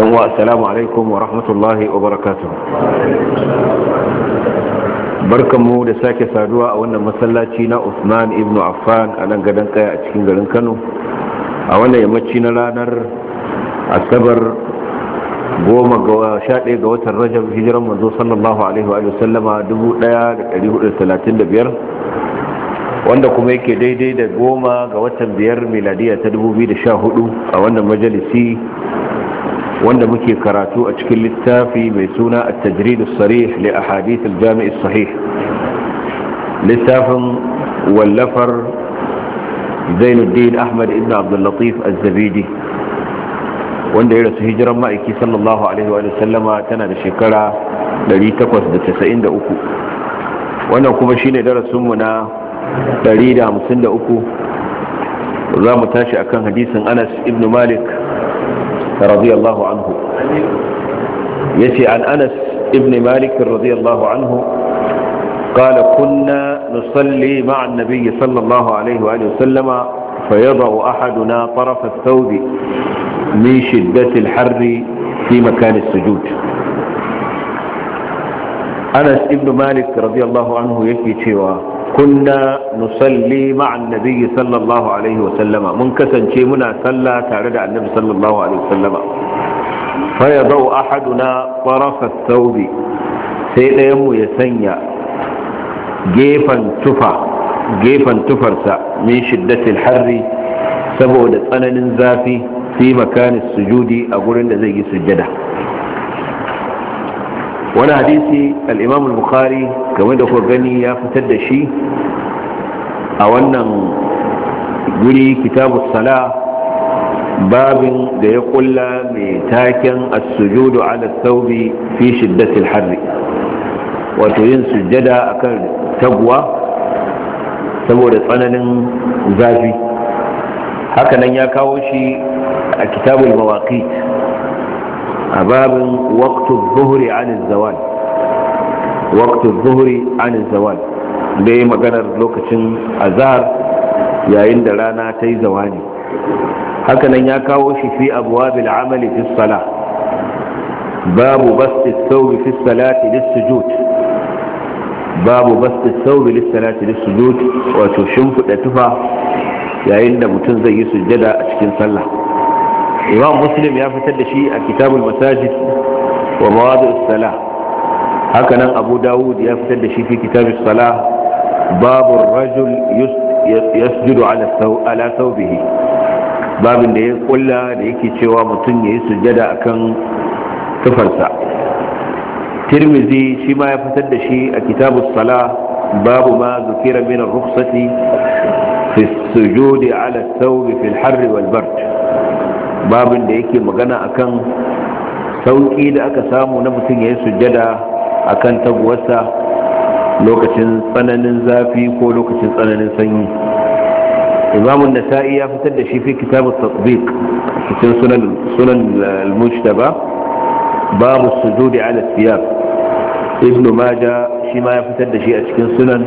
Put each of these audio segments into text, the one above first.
yan wa assalamu alaikum wa rahmatullahi wa barakatun barkanmu da sake saduwa a wannan masallaci na Usman ibn Affan a nan gadon kaya a cikin garin Kano a wannan yammaci na ranar Asabar goma ga ga watan Rajab hijiran manzo sallallahu alaihi wa sallama dubu ɗaya da ɗari hudu talatin da biyar wanda kuma yake daidai da goma ga watan biyar miladiya ta dubu biyu da sha hudu a wannan majalisi wanda muke karatu a cikin littafi mai suna a tajridu sarih li a hadithin jami'is sahih littafin wallafar zainuddin ahmad ibn abdullatif al-zabidi wanda ya rasu hijiran ma'aiki sallallahu alaihi wa sallama tana da shekara 893 wannan kuma shine darasinmu na 153 za mu tashi akan hadisin anas ibn malik رضي الله عنه يتي عن أنس ابن مالك رضي الله عنه قال كنا نصلي مع النبي صلى الله عليه وآله وسلم فيضع أحدنا طرف الثوب من شدة الحر في مكان السجود أنس ابن مالك رضي الله عنه يكي شواه kunna musalli ma nabiyyi sallallahu mun kasance muna sallah tare da annabi sallallahu alaihi wa sallama fa yadau sai ɗayan mu ya sanya gefen gefen tufarsa min shiddatil harri saboda tsananin zafi fi makanin sujudi a gurin da zai yi sujjada wani hadisi al bukhari game da gani ya fitar da shi a wannan guri kitabu sala babin da ya kulla mai taken asujudu sujudu ala thawbi fi shiddati harri wato yin sujjada akan tagwa saboda tsananin zafi hakanan ya kawo shi a kitabul mawaqit a babin waqtu zuhri an zawal waqtu zuhri an zawal da yi maganar lokacin azhar yayin da rana ta yi zawani hakanan ya kawo shi fi abuwa amali fi salah babu basti thawbi fi salati lis-sujud babu basta sauri lissalati da sujud wato shimfiɗa tufa yayin da mutum zai yi sujjada a cikin sallah imam muslim ya fitar da shi a kitabul masajid wa mawadu salah haka nan abu dawud ya fitar da shi fi kitabul salah babu rajul yasjudu ala saubihi babin da ya kulla da yake cewa mutum ya yi sujada akan tufarsa tirmizi shi ma ya fitar da shi a kitabul salah babu ma zukira min rukhsati fi sujudi ala saubi fil harri wal babin da yake magana akan sauƙi da aka samu na mutum ya yi sujjada akan taguwarsa lokacin tsananin zafi ko lokacin tsananin sanyi imamun nasa'i ya fitar da shi fi kitabun tatbiq cikin sunan al-mujtaba babu sujudi ala siyar ibn maja shi ma ya fitar da shi a cikin sunan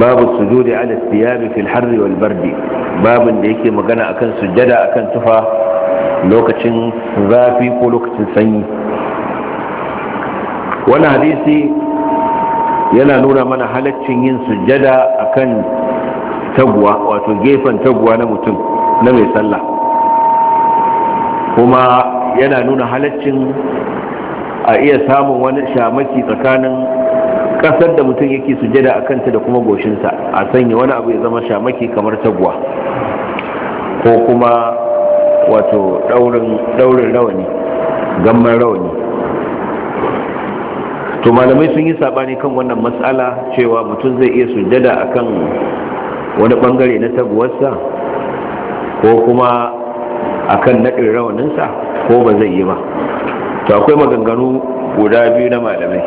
babu sujudi ala siyar fil harri wal bardi babin da yake magana akan sujjada akan tufa lokacin zafi ko lokacin sanyi wani hadisi yana nuna mana halaccin yin sujjada kan taguwa wato gefen taguwa na mutum na mai sallah kuma yana nuna halaccin a iya samun wani shamaki tsakanin kasar da mutum yake sujada a kanta da kuma goshinsa a sanya wani abu ya zama shamaki kamar taguwa ko kuma wato daurin rawani gamman rawani to malamai sun yi sabani kan wannan matsala cewa mutum zai iya sujada akan wani bangare na taguwarsa ko kuma akan naɗin rawaninsa ko ba zai yi ba to akwai maganganu guda biyu na malamai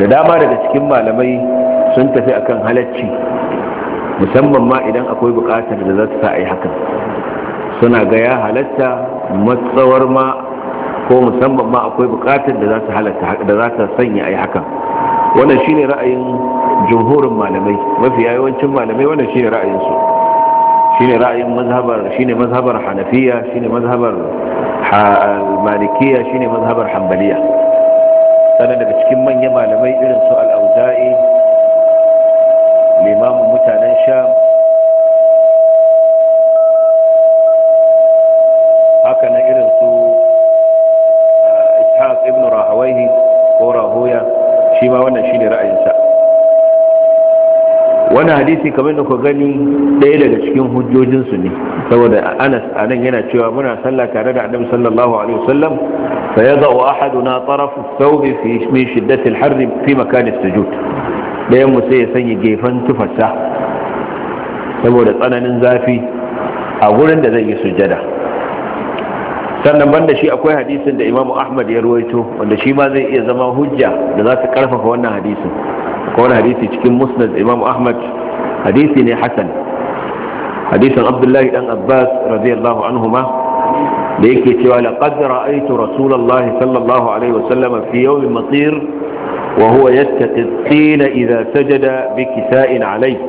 da dama daga cikin malamai sun tafi akan halacci musamman ma idan akwai bukatar da za su sa a yi hakan suna ga ya halatta matsawar ma ko musamman ma akwai bukatar da za ta halatta da za ta sanya a yi hakan wannan shine ra'ayin jumhurin malamai mafi yawancin malamai wannan shine ra'ayinsu shine ra'ayin mazhabar ne mazhabar hanafiya ne mazhabar malikiya ne mazhabar hambaliya sannan daga cikin manyan malamai irin su al-auza'i limamin mutanen sham haka na irin su ah, ishaq ibn rahawaihi ko rahoya shi ma wannan ne ra'ayinsa wani hadisi kamar da ku gani ɗaya daga cikin hujjojinsu ne saboda anas a nan yana cewa muna sallah tare da annabi sallallahu alaihi wasallam fa yadau ahaduna taraf thawb fi min shiddati al-har fi makan as-sujud dayan mu sai ya sanya gefen tufarsa saboda tsananin zafi a gurin da zai yi sujada sannan banda shi akwai hadisin da imamu ahmad ya ruwaito wanda shi ma zai iya zama hujja da za su karfafa wannan hadisin akwai wani hadisi cikin musnad imamu ahmad hadisi ne hasan hadisin abdullahi dan abbas radiyallahu anhuma da yake cewa laqad ra'aytu rasulullah sallallahu alaihi wasallam fi yawm matir wa huwa yattaqi at idha sajada bi kisa'in alayhi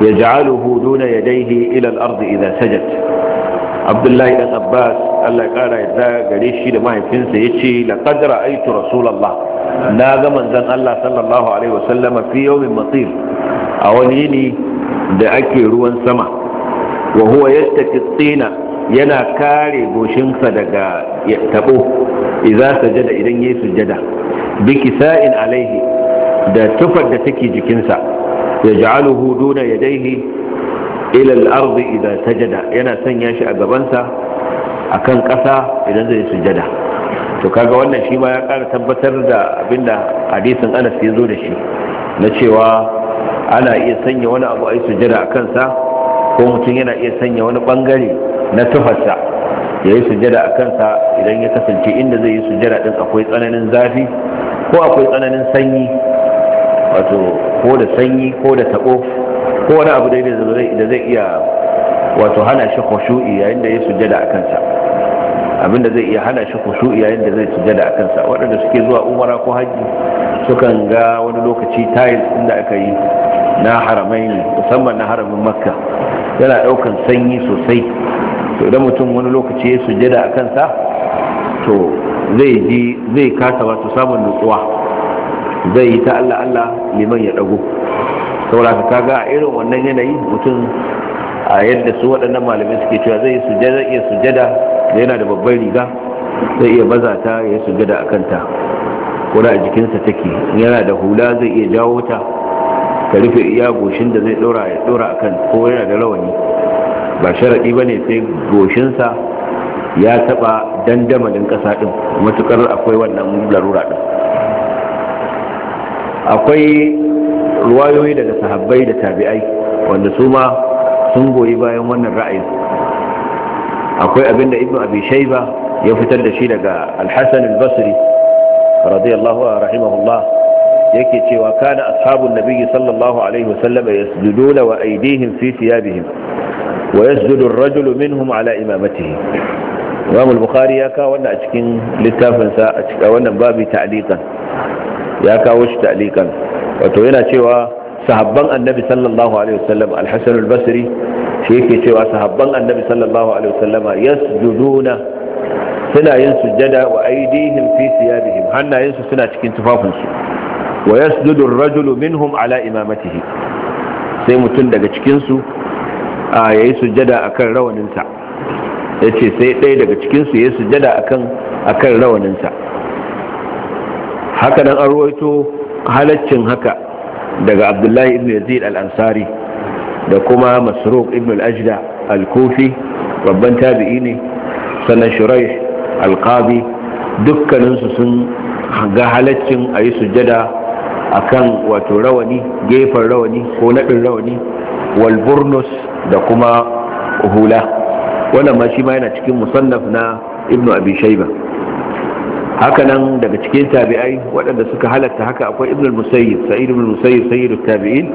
yaj'aluhu duna yadayhi ila al ard idha sajada abdullahi dan abbas allah ya kara yadda gare shi da mahaifinsa ya ce laqad ra'aytu rasulullah na ga manzon allah sallallahu alaihi wasallam fi yawmin matir a wani yini da ake ruwan sama wa huwa yashtaki tsina yana kare goshinsa daga tabo idza sajada idan yayi sujada bi kisa'in alaihi da tufar da take jikinsa ya ja'aluhu duna yadayhi ila al-ardi ta sajada yana sanya shi a gabansa kan ƙasa idan zai sujada to kaga wannan shi ma ya ƙara tabbatar da abinda hadisin Anas ya zo da shi na cewa ana iya sanya wani abu a yi sujada a kansa ko mutum yana iya sanya wani bangare na tufarsa ya yi sujada a kansa idan ya kasance inda zai yi sujada din akwai tsananin zafi ko akwai tsananin sanyi wato ko da sanyi ko da taɓo ko wani abu dai da zai iya wato hana shi khushu'i yayin da ya sujjada a kansa abinda zai iya hana shi khushu'i yayin da zai sujjada a kansa waɗanda suke zuwa umara ko haji sukan ga wani lokaci tiles din aka yi na haramai ne musamman na haramin makka yana ɗaukan sanyi sosai to idan mutum wani lokaci ya sujjada a kansa to zai ji zai kasa wato samun nutsuwa zai yi ta Allah Allah liman ya ɗago saboda ka kaga a irin wannan yanayi mutum a yadda su waɗannan malamai suke cewa zai sujada iya sujada da yana da babban riga zai iya baza ta ya yi sujada a kanta ko da a jikinsa take yana da hula zai iya jawo ta ka rufe iya goshin da zai ɗora ya ɗora a kan ko yana da rawani ba sharaɗi ba ne sai goshinsa ya taɓa dandamalin ƙasa ɗin matuƙar akwai wannan larura ɗin akwai ruwayoyi daga sahabbai da tabi'ai wanda su ma sun goyi bayan wannan ra'ayin akwai abinda ibnu abi shayba ya fitar da shi daga al-hasan al-basri radiyallahu anhu rahimahullah yake cewa kana ashabun nabiyyi sallallahu alaihi wasallam yasjuduna wa aydihim fi thiyabihim wa yasjudu ar-rajulu minhum ala imamatihi imam al-bukhari ya kawo wannan a cikin littafinsa a cikin wannan babu ta'liqan ya kawo shi ta'liqan wato yana cewa sahabban annabi sallallahu alaihi wasallam al-hasan al-basri shi yake cewa sahabban annabi sallallahu alaihi wasallam yasjuduna suna yin sujjada wa aidihim fi siyabihim hannayensu suna cikin tufafinsu wa yasjudu ar-rajulu minhum ala imamatihi sai mutum daga cikinsu a yayi sujjada akan rawaninsa yace sai ɗaya daga cikinsu yayi sujjada akan akan rawaninsa haka nan an ruwaito halaccin haka daga abdullahi ibn yazid al-ansari da kuma masruq ibn al-ajda al-kufi babban tabi'i ne sannan shuraih al-qadi dukkaninsu sun ga halaccin a yi sujjada kan wato rawani gefen rawani ko naɗin rawani walburnus da kuma hula wannan ma shi ma yana cikin musannaf na ibnu abi shaiba hakanan daga cikin tabi'ai waɗanda suka halatta haka akwai ibn musayyib sa'id ibn musayyib sayyid tabiin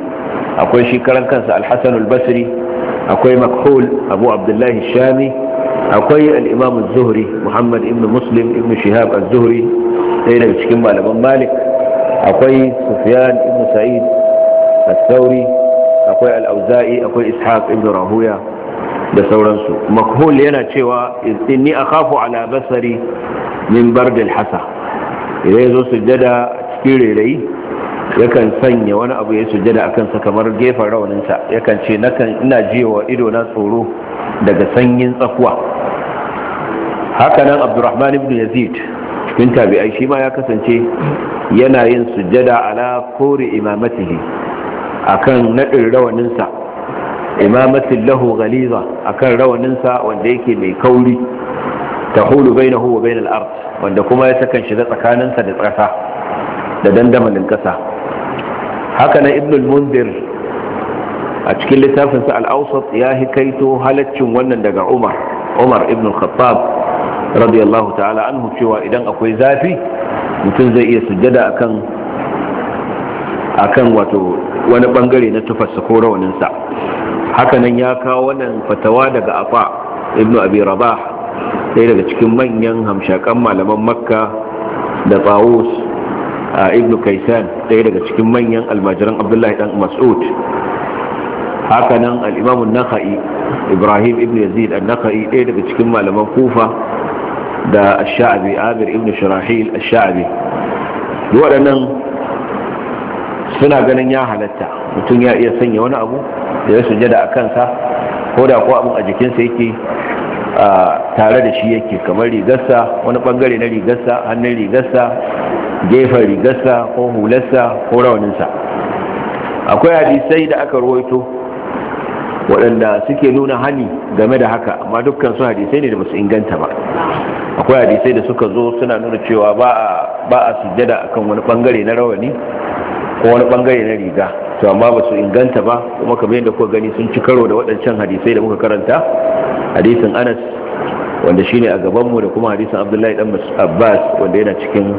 akwai shi karan kansa al-hasan al-basri akwai makhul abu abdullahi shami akwai al-imam az-zuhri muhammad ibn muslim ibn shihab az-zuhri ɗaya daga cikin malaman malik akwai sufyan ibn sa'id as-sauri akwai al-auza'i akwai ishaq ibn rahuya da sauransu makhul yana cewa inni akhafu ala basari min bardil hasa idan ya zo sujjada cikin rairayi yakan sanya wani abu ya sujjada a kansa kamar gefen rauninsa yakan ce ina jiwa ido na tsoro daga sanyin tsakuwa hakanan abdurrahman ibn yazid cikin tabi'ai shi ma ya kasance yana yin sujjada ala kore imamatihi akan naɗin rawaninsa imamatin lahu galiza akan rawaninsa wanda yake mai kauri tahulu bainahu wa bainal ard wanda kuma ya sakan shiga tsakaninsa da ƙasa da dandamalin ƙasa haka na ibn al-munzir a cikin littafin sa al-awsat ya hikaito halaccin wannan daga umar umar ibn al-khattab radiyallahu ta'ala anhu cewa idan akwai zafi mutum zai iya sujjada akan akan wato wani bangare na tufarsa ko rawaninsa hakanan ya kawo wannan fatawa daga afa ibn abi rabah ɗaya daga cikin manyan hamshakan malaman makka da tsawus a ibn kaisan ɗaya daga cikin manyan almajiran abdullahi dan mas'ud hakanan al'imamun naka'i ibrahim ibn yazid an nakai ɗaya daga cikin malaman kufa da sha'abi abir ibn shirahil sha'abi waɗannan suna ganin ya halatta mutum ya iya sanya wani abu da ya sujada a kansa ko da ko abin a jikinsa yake tare da shi yake kamar rigarsa wani bangare na rigarsa hannun rigarsa gefen rigarsa ko hularsa ko rawaninsa akwai hadisai da aka ruwaito waɗanda suke nuna hani game da haka amma dukkan su hadisai ne da basu inganta ba akwai hadisai da suka zo suna nuna cewa ba a sujada akan wani bangare na rawani ko wani bangare na riga to amma ba su inganta ba kuma kamar yadda kuka gani sun ci karo da waɗancan hadisai da muka karanta hadisin anas wanda shine a gabanmu da kuma hadisin abdullahi dan abbas wanda yana cikin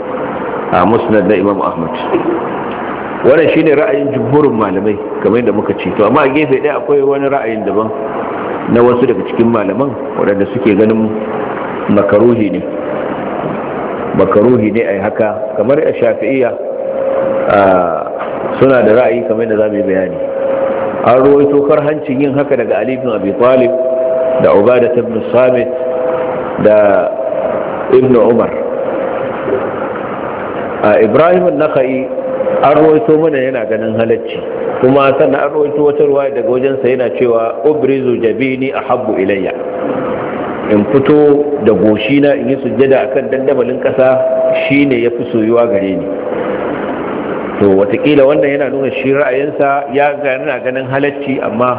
a musnad na imam ahmad wannan shine ra'ayin jumhurin malamai kamar yadda muka ce to amma a gefe ɗaya akwai wani ra'ayin daban na wasu daga cikin malaman waɗanda suke ganin makaruhi ne makaruhi ne a haka kamar a shafi'iyya suna da ra'ayi kamar da za mu yi bayani an ruwaito karhancin yin haka daga ali bin abi talib da ubada ibn samit da ibn umar a ibrahim an-nakhai an ruwaito mana yana ganin halacci kuma sannan an ruwaito wata ruwaya daga wajensa yana cewa ubrizu jabini habbu ilayya in fito da goshi na in yi sujjada akan dandamalin kasa shine yafi soyuwa gare ni to watakila wannan yana nuna shi ra'ayinsa ya gana ganin halacci amma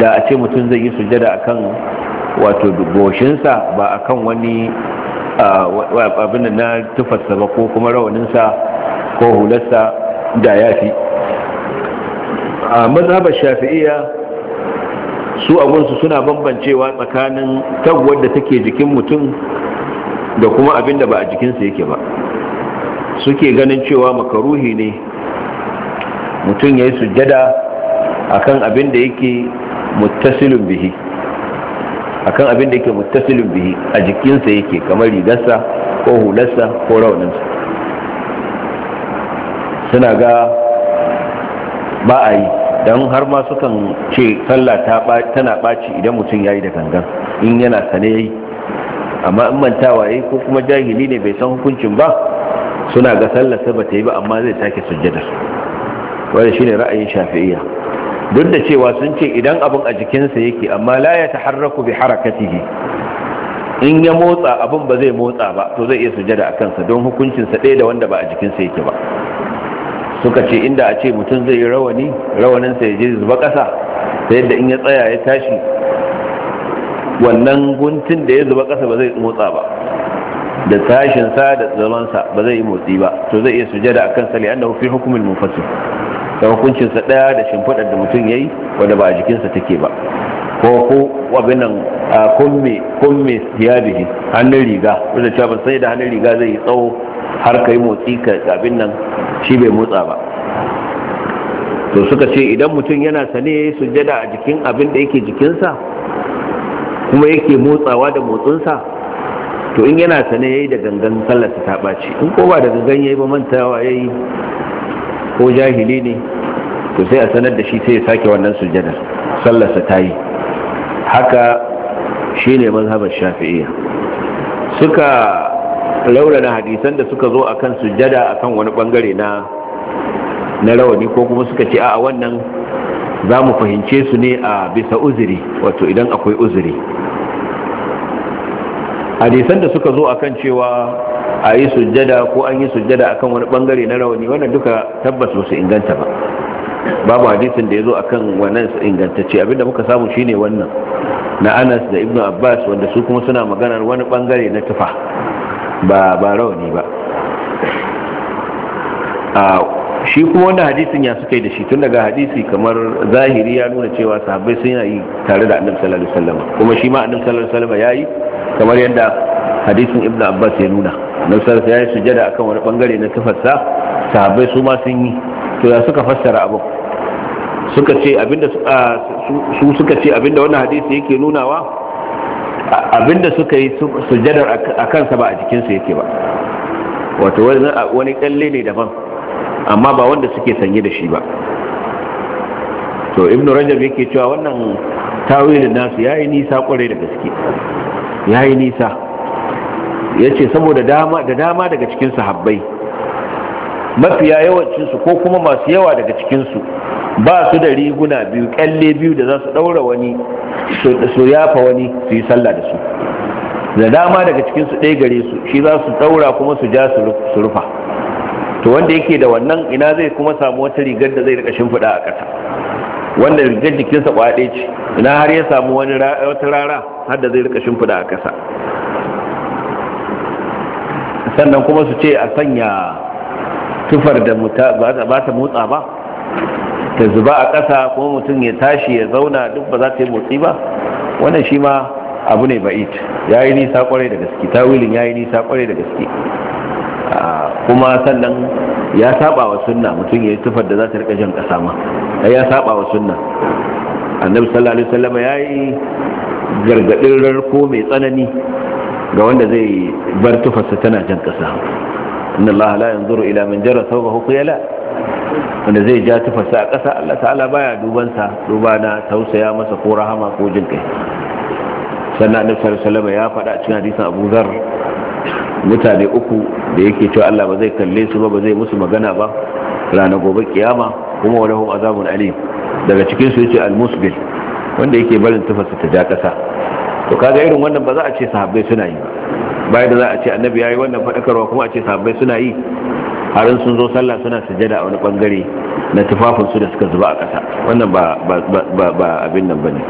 da a ce mutum zai yi sujada akan wato goshinsa ba kan wani abin na tufarsa ba ko kuma rawaninsa ko hularsa da ya fi a mazhabar shafi'iyya su abunsu suna bambancewa tsakanin tagwar da take jikin mutum da kuma abin da ba a jikinsa yake ba suke ganin cewa makaruhi ne mutum ya yi sujjada akan abin da yake muttasilin bihi kan abin da yake muttasilin bihi a jikinsa yake kamar rigarsa ko hularsa ko rauninsa suna ga ba a yi don har ma sukan ce sallah tana ɓaci idan mutum ya yi da gangan in yana sane ya yi amma in mantawa ya yi ko kuma jahili ne bai san hukuncin ba suna ga sallah ba ta yi ba amma zai take sujjada shi ne ra'ayin shafi'iyya duk da cewa sun ce idan abin a jikinsa yake amma la ya taharraku bi harakatihi in ya motsa abin ba zai motsa ba to zai iya sujada a kansa don hukuncinsa ɗaya da wanda ba a jikinsa yake ba suka ce inda a ce mutum zai yi rawani rawaninsa ya je zuba ƙasa ta yadda in ya tsaya ya tashi wannan guntun da ya zuba ƙasa ba zai motsa ba da tashinsa da zamansa ba zai yi motsi ba to zai iya sujada a kansa li'annahu fi hukumul munfasil da hukuncinsa ɗaya da shimfiɗar da mutum ya yi wadda ba a jikinsa take ba ko ko abin nan kumme kumme hannun riga wadda cewa ba sai da hannun riga zai yi tsawo har ka yi motsi ka abin nan shi bai motsa ba to suka ce idan mutum yana sane ya sujjada a jikin abin da yake jikinsa kuma yake motsawa da motsinsa to in yana sane yayi da gangan sallar ta ce, in ko ba da gangan yayi ba mantawa yayi ko jahili ne to sai a sanar da shi sai ya sake wannan sujjadar sallarsa ta yi haka shi ne mazhabar shafi'iyya suka laurana hadisan da suka zo akan sujjada akan wani bangare na na rawani ko kuma suka ce a wannan za mu fahimce su ne a bisa uzuri wato idan akwai uzuri hadisan da suka zo akan cewa a yi sujjada ko an yi sujjada akan wani bangare na rawani wannan duka tabbas ba su inganta ba babu hadisin da ya zo akan wannan ingantacce abinda muka samu shine wannan na anas da ibnu abbas wanda su kuma suna maganar wani bangare na tufa ba ba rawani ba shi kuma wanda hadisin ya suka yi da shi tun daga hadisi kamar zahiri ya nuna cewa sahabbai sun yi tare da annabi sallallahu alaihi wasallam kuma shi ma annabi sallallahu alaihi wasallam yayi kamar yadda hadisin ibnu abbas ya nuna annabi sallallahu ya yi sujada akan wani bangare na tufarsa sahabbai su ma sun yi to ya suka fassara abu suka ce abinda su suka ce abinda wannan hadisi yake nunawa abinda suka yi sujadar a kansa ba a jikinsu yake ba wato wani kalle ne daban amma ba wanda suke sanye da shi ba to ibnu rajab yake cewa wannan tawilin nasu yayi nisa kwarai da gaske yayi nisa ya ce saboda da dama daga cikin sahabbai mafiya yawancinsu ko kuma masu yawa daga cikinsu ba su da riguna biyu kyalle biyu da za su ɗaura wani su yafa wani su yi sallah da su da dama daga cikinsu ɗaya gare su shi za su ɗaura kuma su ja su rufa to wanda yake da wannan ina zai kuma samu wata rigar da zai rika shimfiɗa a ƙasa wanda rigar jikinsa kwaɗe ce ina har ya samu wani wata rara har da zai rika shimfiɗa a ƙasa sannan kuma su ce a sanya tufar da ba ta motsa ba ta zuba a ƙasa kuma mutum ya tashi ya zauna duk ba za ta yi motsi ba wannan shi ma abu ne ba'id. ya yi nisa kwarai da gaske tawilin ya yi nisa kwarai da gaske kuma sannan ya saba wa sunna mutum ya yi tufar da za ta rika jan ƙasa ma ya saba wa sunna annabi sallallahu alaihi wasallam ya yi gargadin rarko mai tsanani ga wanda zai bar tufarsa tana jan ƙasa inna Allah la yanzuru ila man jarra thawbahu qiyala wanda zai ja tufarsa a ƙasa Allah ta'ala baya duban sa duba na tausaya masa ko rahama ko jin kai sannan annabi sallallahu alaihi wasallam ya faɗa cikin hadisin Abu Dharr mutane uku da yake cewa Allah ba zai kalle su ba ba zai musu magana ba ranar gobe kiyama kuma walahum azabun alim daga cikin su yace al-musbil wanda yake barin tufarsa ta ja ƙasa to kaga irin wannan ba za a ce sahabbai suna yi bai da za a ce annabi yayi wannan fadakarwa kuma a ce sahabbai suna yi har sun zo sallah suna sujada a wani bangare na tufafin su da suka zuba a kasa wannan ba ba ba abin nan bane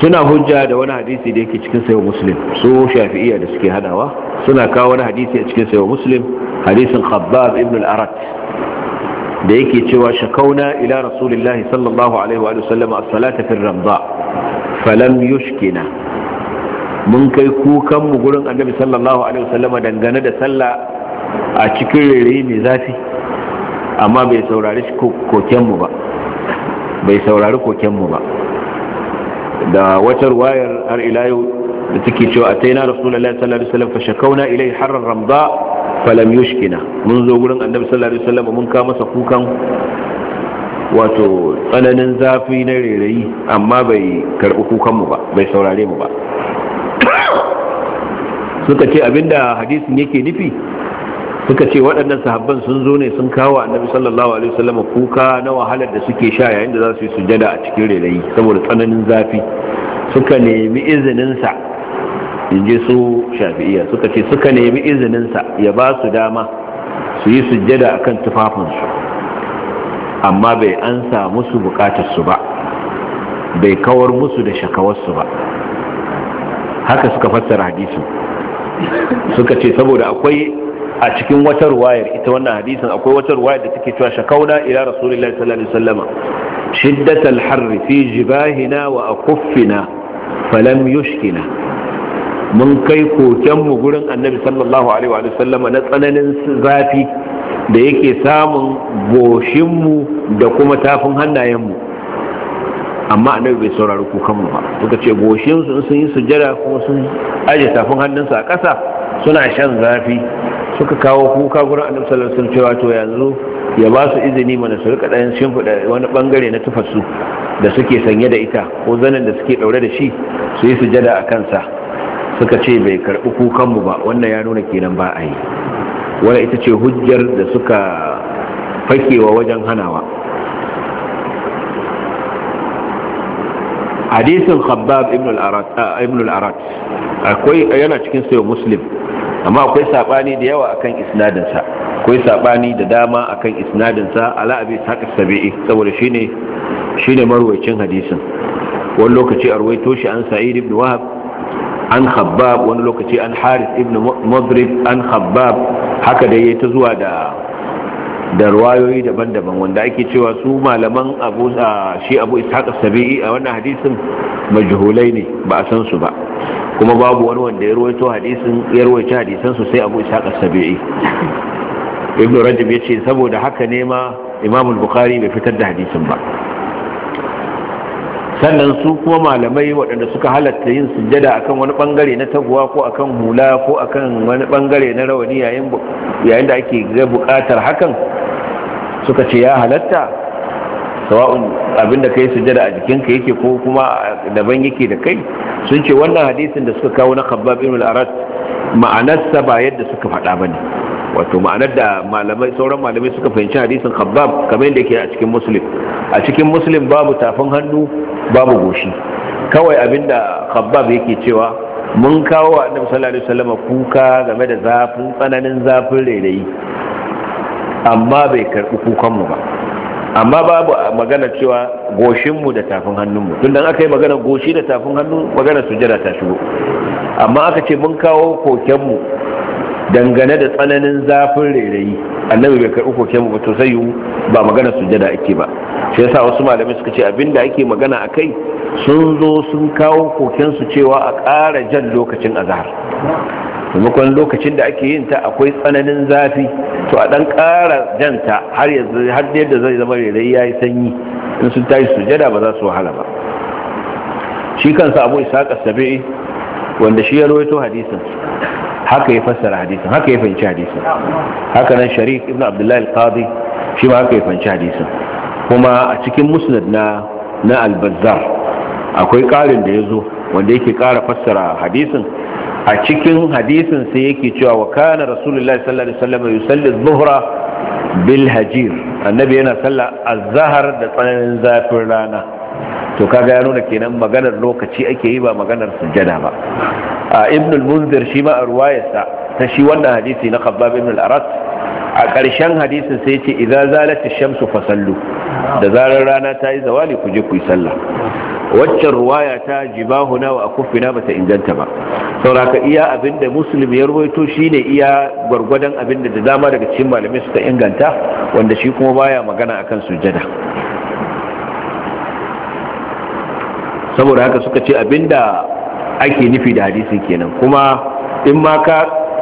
suna hujja da wani hadisi da yake cikin sayyid muslim su shafi'iyya da suke hadawa suna kawo wani hadisi a cikin sayyid muslim hadisin khabbab ibn al-arat da yake cewa shakauna ila rasulillahi sallallahu alaihi wa sallam a salata fi ramda falam yushkina mun kai kukan mu gurin annabi sallallahu alaihi wa sallam dangane da sallah a cikin rere mai zafi amma bai saurari koken mu ba bai saurari koken mu ba da wata ruwayar har ila yau da take cewa ataina rasulullahi sallallahu alaihi wa sallam fa shakauna ilai harran ramda falam yushkina mun zo gurin annabi sallallahu alaihi wasallam mun ka masa kukan wato tsananin zafi na rerayi amma bai karɓi kukan mu ba bai saurare mu ba suka ce abinda hadisin yake nufi suka ce waɗannan sahabban sun zo ne sun kawo annabi sallallahu alaihi wasallam kuka na wahalar da suke sha yayin da za su yi sujada a cikin rerayi saboda tsananin zafi suka nemi izinin sa inji su shafi'iyya suka ce suka nemi izininsa ya ba su dama su yi sujjada akan tufafinsu amma bai ansa musu su ba bai kawar musu da shakawarsu ba haka suka fassara hadisin suka ce saboda akwai a cikin wata ruwayar ita wannan hadisin akwai wata ruwayar da take cewa shakauna ila rasulullahi sallallahu alaihi wasallama shiddatal harri fi jibahina wa akuffina falam yushkina mun kai kokenmu gurin annabi sallallahu alaihi wa sallama na tsananin zafi da yake samun goshinmu da kuma tafin hannayenmu amma annabi bai saurari kukanmu ba suka ce goshinsu sun yi sujada kuma sun aje tafin hannunsu a ƙasa suna shan zafi suka kawo kuka gurin annabi sallallahu alaihi cewa to yanzu ya ba su izini mana su rika ɗayan shimfiɗa wani bangare na tufarsu da suke sanye da ita ko zanen da suke ɗaure da shi su yi sujada a kansa suka ce bai karɓi kukanmu ba wannan ya nuna kenan ba a yi wadda ita ce hujjar da suka fakewa wajen hanawa hadisin khabbab ibn al-arat akwai yana cikin sayo muslim amma akwai sabani da yawa akan isnadinsa akwai sabani da dama akan isnadinsa ala abi saq sabi'i saboda shine shine hadisin wani lokaci a ruwaito shi an sa'id ibn wahab an khabbab wani lokaci an haris ibn madrib an khabbab haka da ya ta zuwa da da ruwayoyi daban-daban wanda ake cewa su malaman abu shi abu ishaq sabi'i a wannan hadisin majhulai ne ba a san su ba kuma babu wani wanda ya ruwaito hadisin ya ruwaito hadisan su sai abu ishaq sabi'i ibn rajab yace saboda haka ne ma imam bukhari bai fitar da hadisin ba sannan su kuma malamai waɗanda suka halatta yin sujjada akan wani bangare na taguwa ko akan hula ko akan wani bangare na rawani yayin da ake ga buƙatar hakan suka ce ya halatta sawa'un abinda kai sujjada a jikin ka yake ko kuma daban yake da kai sun ce wannan hadisin da suka kawo na khabbab ibn al-arat ma'anarsa ba yadda suka faɗa bane wato ma'anar da malamai sauran malamai suka fahimci hadisin khabbab kamar yadda yake a cikin muslim a cikin muslim babu tafin hannu babu goshi kawai abinda khabbab yake cewa mun kawo wa annabi sallallahu alaihi wasallam kuka game da zafin tsananin zafin rairayi amma bai karbi kukan mu ba amma babu magana cewa goshinmu da tafin hannunmu tun da aka yi magana goshi da tafin hannu magana sujada ta shigo amma aka ce mun kawo kokenmu dangane da tsananin zafin rairayi annabi bai karɓi koke mu ba to sai ba magana jada ake ba sai yasa wasu malamai suka ce abinda ake magana a kai sun zo sun kawo koken su cewa a ƙara jan lokacin azhar maimakon lokacin da ake yin ta akwai tsananin zafi to a dan ƙara janta har yanzu yadda zai zama rairayi yayi sanyi in sun tashi jada ba za su wahala ba shi kansa abu isa sabi'i wanda shi ya rawaito hadisin haka ya fassara hadisin haka ya fahimci hadisin haka nan sharif ibn abdullahi al-qadi shi ma haka ya fahimci hadisin kuma a cikin musnad na na al-bazzar akwai karin da ya zo wanda yake kara fassara hadisin a cikin hadisin sai yake cewa wa kana rasulullahi sallallahu alaihi wasallam yusalli dhuhra bil hajir annabi yana sallah az-zahr da tsananin zafin rana to kaga ya nuna kenan maganar lokaci ake yi ba maganar sujjada ba a ibn al-munzir shi ma a ta shi wannan hadisi na khabbab ibn al-aras a ƙarshen hadisin sai ce idza zalat shamsu fasallu da zarar rana ta yi zawali ku je ku yi sallah waccan ruwaya ta na wa akufina bata inganta ba sauraka iya abinda muslim ya ruwaito shine iya gwargwadon abinda da dama daga cikin malamai suka inganta wanda shi kuma baya magana akan sujada saboda haka suka ce abinda ake nufi da hadisi kenan kuma in ma ka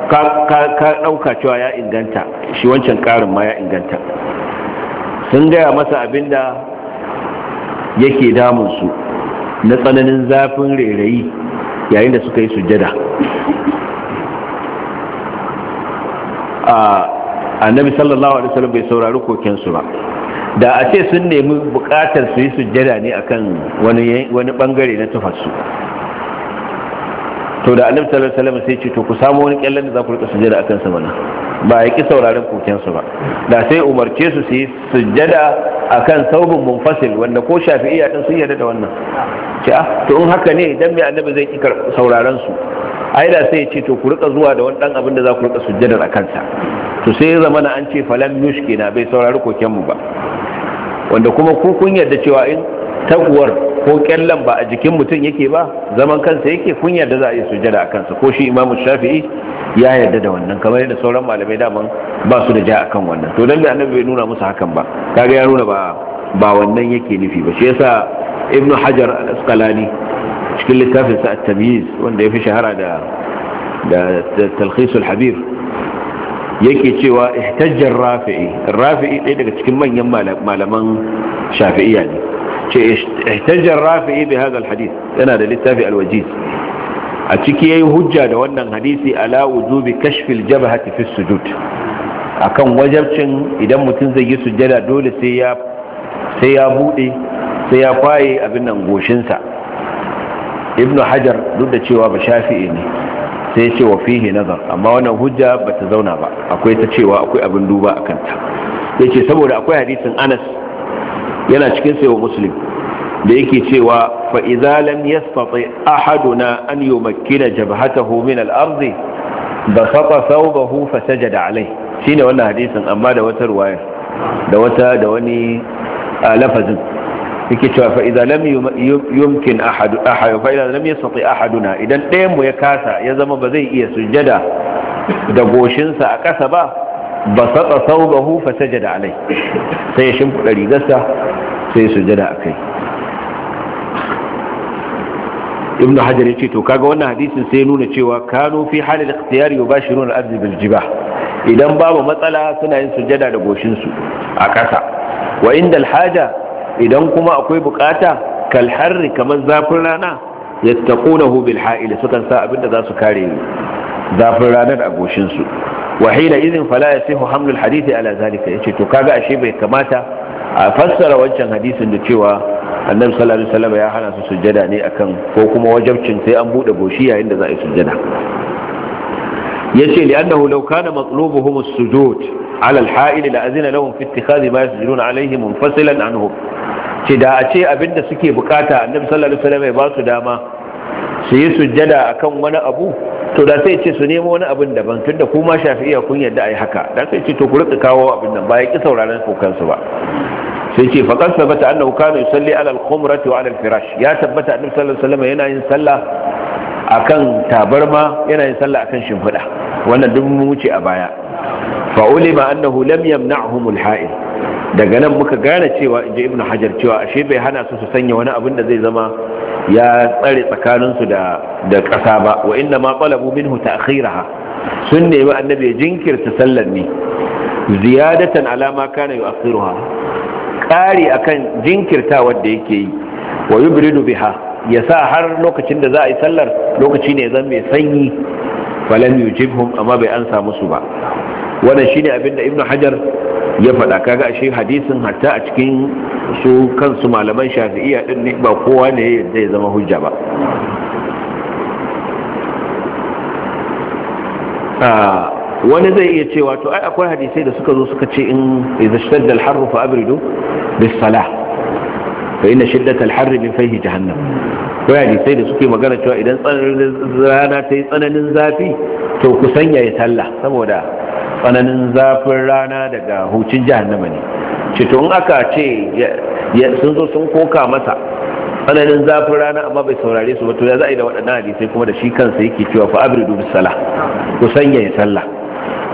ka ɗauka cewa ya inganta shi wancan karin ma ya inganta sun gaya masa abinda yake su na tsananin zafin rairayi yayin da suka yi sujjada annabi sallallahu alaihi wasallam bai saurari kokensu ba da a ce sun nemi bukatar su yi sujjada ne akan wani wani bangare na tufarsu to da annabi sallallahu alaihi wasallam sai ce to ku samu wani kyallan da za ku rika sujjada akan sa mana ba ya ki sauraron koken su ba da sai umarce su su yi sujjada akan saubin munfasil wanda ko shafi'iyya din sun yarda da wannan ce ah to in haka ne dan me annabi zai ki sauraron su ai da sai ce to ku rika zuwa da wani dan abin da za ku rika sujada a sa to sai ya zama na an ce falan mushkina bai saurari koken mu ba wanda kuma ku kun yarda cewa in taguwar ko kyallan ba a jikin mutum yake ba zaman kansa yake kun yarda za a yi sujada a kansa ko shi imamu shafi'i ya yarda da wannan kamar yadda sauran malamai dama ba su da ja akan wannan to dan da annabi bai nuna musu hakan ba kaga ya nuna ba ba wannan yake nufi ba shi yasa ibnu hajar al-asqalani cikin littafin sa at-tamyiz wanda ya fi shahara da da talkhisul habib yake cewa ihtajjar rafi'i rafi'i ɗaya daga cikin manyan malaman shafi'iyya ne ce ihtajjar rafi'i bi hadha alhadith yana da littafi alwajiz a ciki yayi hujja da wannan hadisi ala wujubi kashfi aljabhati fi sujud akan wajabcin idan mutum zai yi sujjada dole sai ya sai ya bude sai ya faye abin nan goshinsa ibnu hajar duk da cewa ba shafi'i ne sai ce wa fihi nazar amma wannan hujja ba ta zauna ba akwai ta cewa akwai abin duba a kanta sai ce saboda akwai hadisin anas yana cikin sayo musulun da yake cewa fa idza lam a haduna an yumakkina jabhatahu min al-ard basata thawbahu fa sajada alayh shine wannan hadisin amma da wata ruwaya da wata da wani lafazin yake cewa fa idza lam yumkin ahad ahad fa idza lam ahaduna idan ɗayan mu ya kasa ya zama ba zai iya sujjada da goshinsa a ƙasa ba Ba sau thawbahu hufa sajada alai sai ya shimfida rigarsa sai ya sujjada akai ibnu hajar ce to kaga wannan hadisin sai nuna cewa kanu fi halil ikhtiyar yubashiruna al-ard bil jibah idan babu matsala suna yin sujjada da goshinsu a ƙasa wa inda al idan kuma akwai bukata kalharri kamar zafin rana yattaqunahu bil ha'il sukan sa abinda za su kare zafin ranar a goshinsu. wahila wa hila idin fala yasihu hamlu al hadisi ala zalika yace to kaga ashe bai kamata a fassara wancan hadisin da cewa annabi sallallahu alaihi wasallam ya hana su sujjada ne akan ko kuma wajabcin sai an bude goshi yayin da za a yi sujjada yace li annahu law kana matlubuhum as-sujud ala alha'il la azina lahum fi ittikhadhi ma yasjuduna alayhi munfasilan anhu ce da a ce abinda suke bukata annabi sallallahu alaihi wasallam ya ba su dama su yi sujjada akan wani abu to da sai ce su nemo wani abin daban tun tunda kuma shafi'iya kun yadda ai haka da sai ce to ku rika kawo abin nan bayan ki sauraron kokansu ba sai ce faqad bata annahu kana yusalli ala al-khumrati wa ala al-firash ya tabbata annabi sallallahu alaihi wasallam yana yin sallah akan tabarma yana yin sallah akan shimfiɗa wannan duk mun wuce a baya fa ulima annahu lam yamna'hum al-ha'il daga nan muka gane cewa inji ibnu hajar cewa ashe bai hana su su sanya wani abin da zai zama ya tsare tsakaninsu da da ƙasa ba wa inna ma talabu minhu ta'khiraha sun nemi annabi jinkirta sallar ne ziyadatan alama kana yu'akhiruha Kari akan jinkirta wanda yake yi wa yubridu biha ya sa har lokacin da za a yi sallar lokaci ne zan mai sanyi falam yujibhum amma bai ansa musu ba wannan shine abin da ibnu hajar ya faɗa kaga ashe hadisin hatta a cikin su kansu malaman shafi'iyya din ne ba kowa ne ya zama hujja ba ah, wani zai iya cewa to ai akwai hadisai da suka zo suka ce in idza da al-harr fa abridu bis fa inna shiddat al min fihi jahannam akwai hadisai da suke magana cewa idan rana ta yi tsananin zafi to ku sanya ya sallah saboda tsananin zafin rana daga hucin jahannama ne to in aka ce sun zo sun koka masa tsananin zafin rana amma bai saurare su ba to ya za a yi da waɗannan hadisai kuma da shi kansa yake cewa fa abridu bis salah ku sanya ya sallah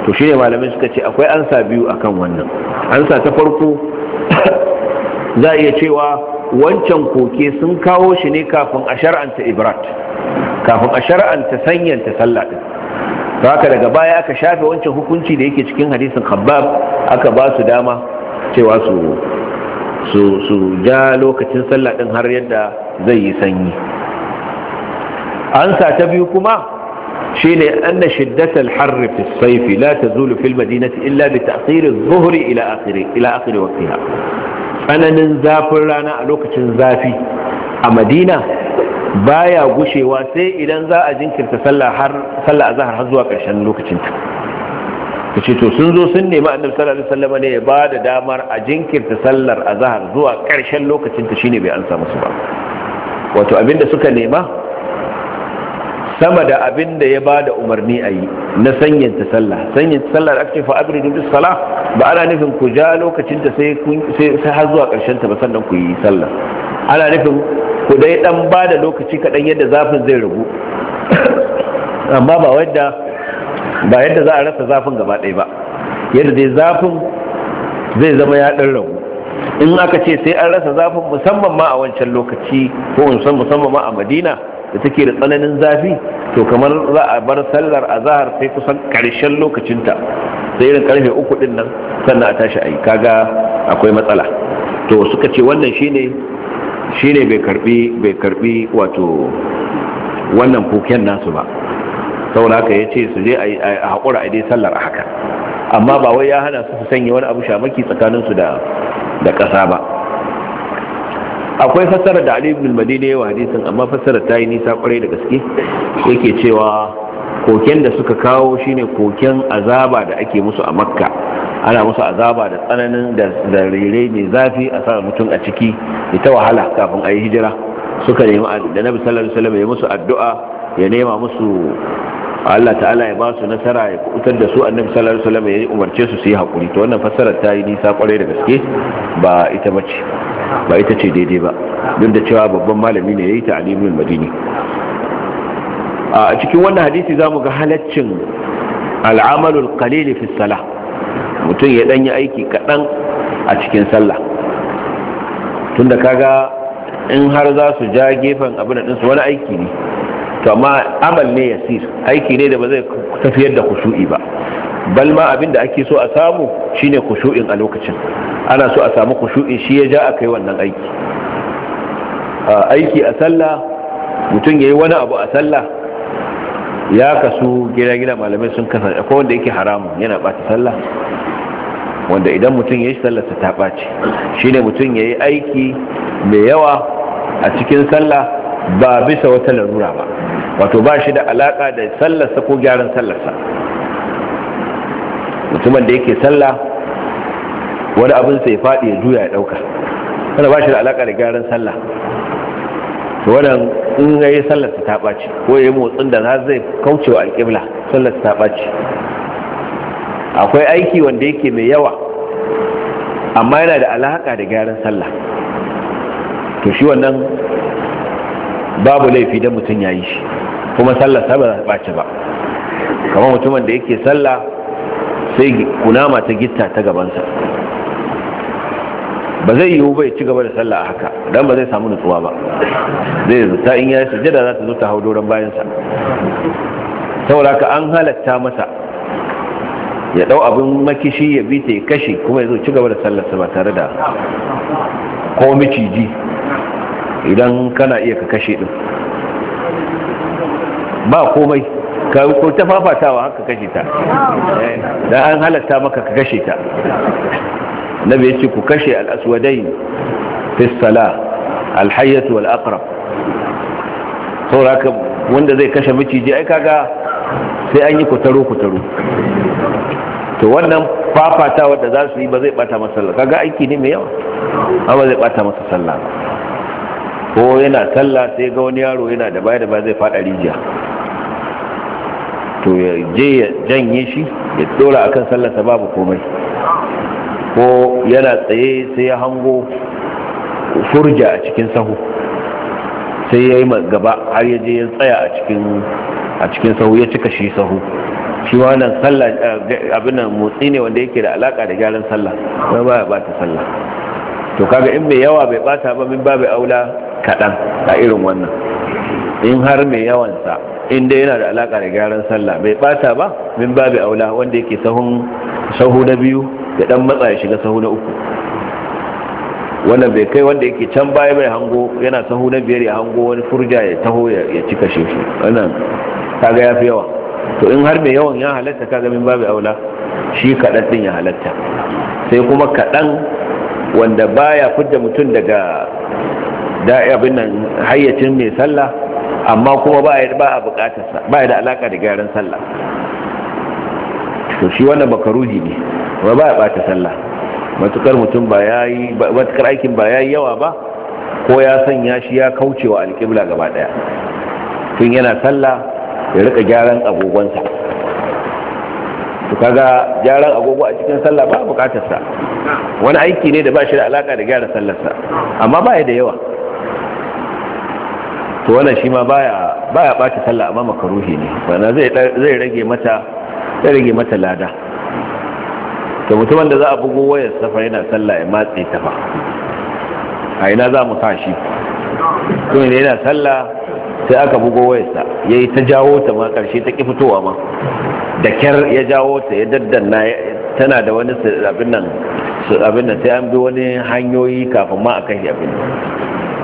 to shine malamai suka ce akwai ansa biyu akan wannan ansa ta farko za a iya cewa wancan koke sun kawo shi ne kafin a shar'anta ibrat kafin a shar'anta sanyanta sallah din haka daga baya aka shafe wancan hukunci da yake cikin hadisin khabbab aka ba su dama cewa su su su ja lokacin sallah din har yadda zai yi sanyi ansa ta biyu kuma shine anna shiddat al-harr fi as-sayf la tazulu fi al-madinati illa bi ta'khir adh-dhuhri ila akhir ila waqtiha tsananin zafin rana a lokacin zafi a madina baya gushewa sai idan za a jinkirta sallah a zahar har zuwa ƙarshen lokacin ta ce to sun zo sun nemi annabi sallallahu alaihi wasallam ne ya ba da damar a jinkirta sallar azhar zuwa ƙarshen lokacin ta shine bai ansa musu ba wato abinda suka nema sama da abin da ya ba da umarni a yi na sanyanta sallah sanyanta sallah da aka ce fa abin da sala ba ana nufin ku ja lokacin ta sai har zuwa karshen ta ba sannan ku yi sallah ana nufin ku dai dan ba da lokaci kaɗan yadda zafin zai ragu amma ba wadda ba yadda za a rasa zafin gaba ɗaya ba yadda dai zafin zai zama ya ɗan ragu in aka ce sai an rasa zafin musamman ma a wancan lokaci ko musamman ma a madina da take da tsananin zafi to kamar za a bar sallar azahar sai kusan karshen lokacinta sai irin karfe uku din nan sannan a tashi ai kaga akwai matsala to suka ce wannan shine shine bai karbi bai karbi wato wannan koken nasu ba saboda haka yace su je a hakura a dai sallar haka amma ba wai ya hana su su sanya wani abu shamaki tsakanin su da da ƙasa ba akwai fassara da ali ibn madina yawa hadisin amma fassara ta yi nisa kwarai da gaske yake cewa koken da suka kawo shine koken azaba da ake musu a makka ana musu azaba da tsananin da rere mai zafi a sa mutum a ciki ita wahala kafin a yi hijira suka nemi da nabi sallallahu alaihi wasallam ya musu addu'a ya nema musu Allah ta'ala ya ba su nasara ya kutar da su annabi sallallahu alaihi wasallam ya umarce su su yi hakuri to wannan fassara ta yi nisa kwarai da gaske ba ita bace ba ita ce daidai ba duk da cewa babban malami ne ya yi ta'alimin madini a cikin wannan hadisi za mu ga halaccin al'amalul qalili fi salah mutum ya ɗanyi aiki kaɗan a cikin sallah tunda kaga in har za su ja gefen abin da ɗinsu wani aiki ne to amma amal ne yasir aiki ne da ba zai tafiyar da kushu'i ba balma abin da ake so a samu shine kusu'in a lokacin ana so a samu kushu'i shi ya ja a kai wannan aiki aiki a sallah mutum ya yi wani abu a sallah ya kasu gina-gina malamai sun kasance akwai wanda yake haramu yana ɓata sallah wanda idan mutum ya yi sallarsa ta ɓace, shi ne mutum ya yi aiki mai yawa a cikin sallah ba bisa wata larura ba wato ba shi da alaƙa da sallarsa ko gyaran sallarsa mutumin da yake sallah wani abin sai faɗi ya juya ya ɗauka wanda ba shi da alaƙa da gyaran sallah wannan in ya yi sallar ta ɓaci ko ya yi motsin da za zai kaucewa alƙibla sallar ta ɓaci akwai aiki wanda yake mai yawa amma yana da alaƙa da gyaran sallah to shi wannan babu laifi don mutum ya yi shi kuma sallar ta ɓaci ba kamar mutumin da yake sallah sai kunama ta gitta ta gabansa ba zai yiwu bai ci gaba da sallah a haka don ba zai samu nutsuwa ba zai zuta in ya sujjada za ta zo ta hau doron bayansa saboda ka an halatta masa ya dau abin makishi ya bi ta ya kashe kuma ya zo ci gaba da sallah ba tare da ko miciji idan kana iya ka kashe din ba komai ko ta fafatawa haka kashe ta eh, da an halatta maka ka kashe ta annabi ya ce ku kashe al'aswadai fi sala alhayyatu wal aqrab raka wanda zai kashe miciji ai kaga sai an yi kutaro kutaro to wannan fafata wanda za su yi ba zai bata masa sallah kaga aiki ne mai yawa amma zai bata masa sallah ko yana sallah sai ga wani yaro yana da baya da baya zai fada rijiya to ya je ya janye shi ya dora akan sallarsa babu komai ko yana tsaye sai ya hango furja a cikin sahu sai ya yi gaba har ya je ya tsaya a cikin sahu ya cika shi sahu shi wannan sallah eh, abin nan motsi ne wanda yake da alaka da gyaran sallah kuma ba ya bata sallah to kaga in mai yawa bai bata ba min babu aula kadan a irin wannan in har mai yawan sa in dai yana da alaka da gyaran sallah bai bata ba min babu aula wanda yake sahun sahu na biyu ya dan matsa ya shiga sahu na uku wannan bai kai wanda yake can baya mai hango yana sahu na biyar ya hango wani furja ya taho ya cika shi wannan kaga yafi yawa to in har mai yawan ya halatta kaga min babu aula shi kaɗan ɗin ya halatta sai kuma kaɗan wanda baya fidda mutum daga abin nan hayyacin mai sallah amma kuma ba a bukatarsa ba da alaka da gyaran sallah to shi wannan makaruhi ne ba ba ya bata sallah matukar mutum ba yayi matukar aikin ba yayi yawa ba ko ya sanya shi ya kaucewa alƙibla gaba daya tun yana sallah ya rika gyaran agogonsa to kaga gyaran agogo a cikin sallah ba bukatar sa wani aiki ne da ba shi da alaka da gyara sallar sa amma ba ya da yawa to wannan shi ma baya baya bata sallah amma makaruhi ne wannan zai zai rage mata zai rage mata lada to mutumin da za a bugu wayar safa yana sallah ya matse ta fa a ina za mu tashi kuma da yana sallah sai aka bugu wayarsa ya yi ta jawo ta ma karshe ta ki fitowa ma da kyar ya jawo ta ya daddanna tana da wani abin nan sai an bi wani hanyoyi kafin ma a yi abin